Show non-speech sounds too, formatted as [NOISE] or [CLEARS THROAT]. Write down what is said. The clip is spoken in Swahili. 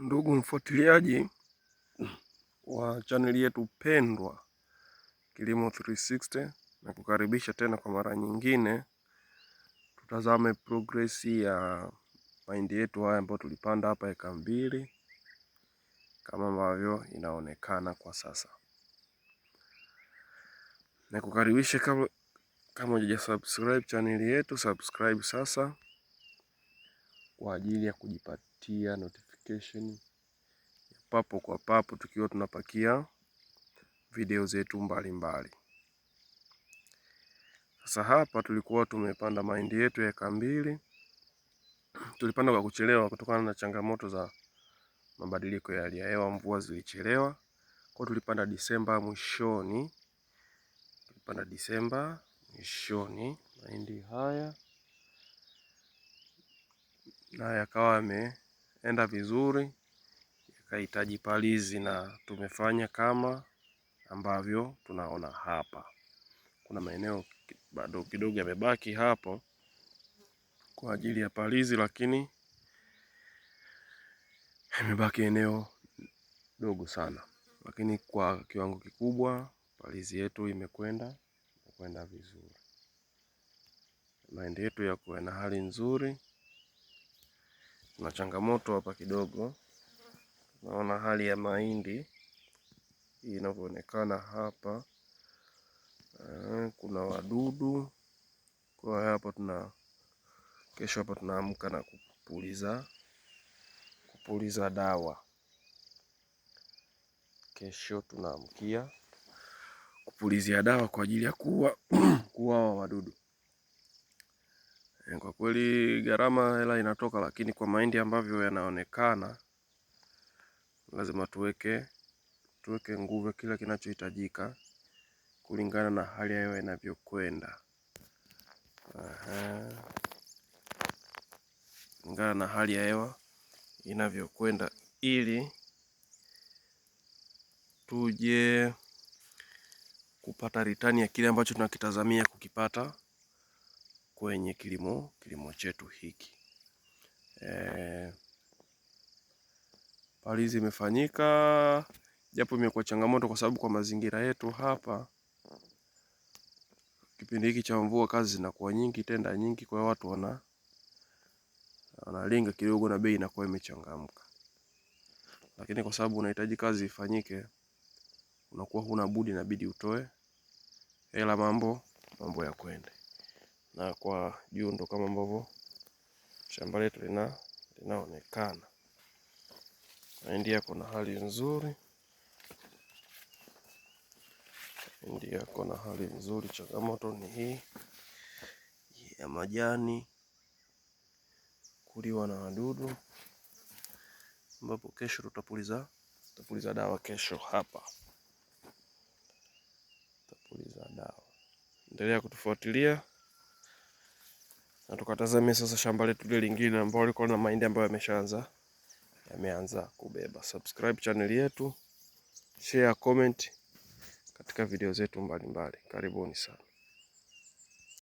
Ndugu mfuatiliaji wa chaneli yetu pendwa Kilimo 360, na kukaribisha tena kwa mara nyingine, tutazame progress ya mahindi yetu haya ambayo tulipanda hapa eka mbili, kama ambavyo inaonekana kwa sasa. Na kukaribisha kama kama hujaja subscribe chaneli yetu, subscribe sasa kwa ajili ya kujipatia notification location papo kwa papo, tukiwa tunapakia video zetu mbalimbali. Sasa hapa tulikuwa tumepanda mahindi yetu ya eka mbili, tulipanda kwa kuchelewa kutokana na changamoto za mabadiliko ya hali ya hewa, mvua zilichelewa kwa tulipanda Disemba mwishoni, tulipanda Disemba mwishoni mahindi haya na yakawa yame enda vizuri, ikahitaji palizi, na tumefanya kama ambavyo tunaona hapa. Kuna maeneo bado kidogo yamebaki hapo kwa ajili ya palizi, lakini yamebaki eneo dogo sana, lakini kwa kiwango kikubwa palizi yetu imekwenda imekwenda vizuri. maende yetu yakuwa na hali nzuri. Kuna changamoto hapa kidogo, naona hali ya mahindi inavyoonekana hapa. Eh, kuna wadudu kwa hapa, tuna kesho hapa tunaamka na kupuliza kupuliza dawa. Kesho tunaamkia kupulizia dawa kwa ajili ya kuua [CLEARS THROAT] kuua wadudu. Kwa kweli gharama hela inatoka, lakini kwa mahindi ambavyo yanaonekana lazima tuweke tuweke nguvu kila kinachohitajika kulingana na hali ya hewa inavyokwenda. Aha. Kulingana na hali ya hewa inavyokwenda ili tuje kupata ritani ya kile ambacho tunakitazamia kukipata kwenye kilimo kilimo chetu hiki. E, palizi imefanyika japo imekuwa changamoto kwa sababu kwa mazingira yetu hapa kipindi hiki cha mvua kazi zinakuwa nyingi tenda nyingi, kwa hiyo watu wana wanalinga kidogo na bei inakuwa imechangamka, lakini kwa sababu unahitaji kazi ifanyike, unakuwa huna budi, inabidi utoe hela, mambo mambo ya kwende na kwa juu ndo kama ambavyo shamba letu lina linaonekana. Mahindi yako na hali nzuri, mahindi yako na hali nzuri. Changamoto ni hii ya majani kuliwa na wadudu, ambapo kesho tutapuliza tutapuliza dawa kesho hapa, tutapuliza dawa. Endelea kutufuatilia na tukatazame sasa shamba letu lile lingine ambao liko na mahindi ambayo yameshaanza yameanza kubeba. Subscribe channel yetu, share, comment katika video zetu mbalimbali. Karibuni sana.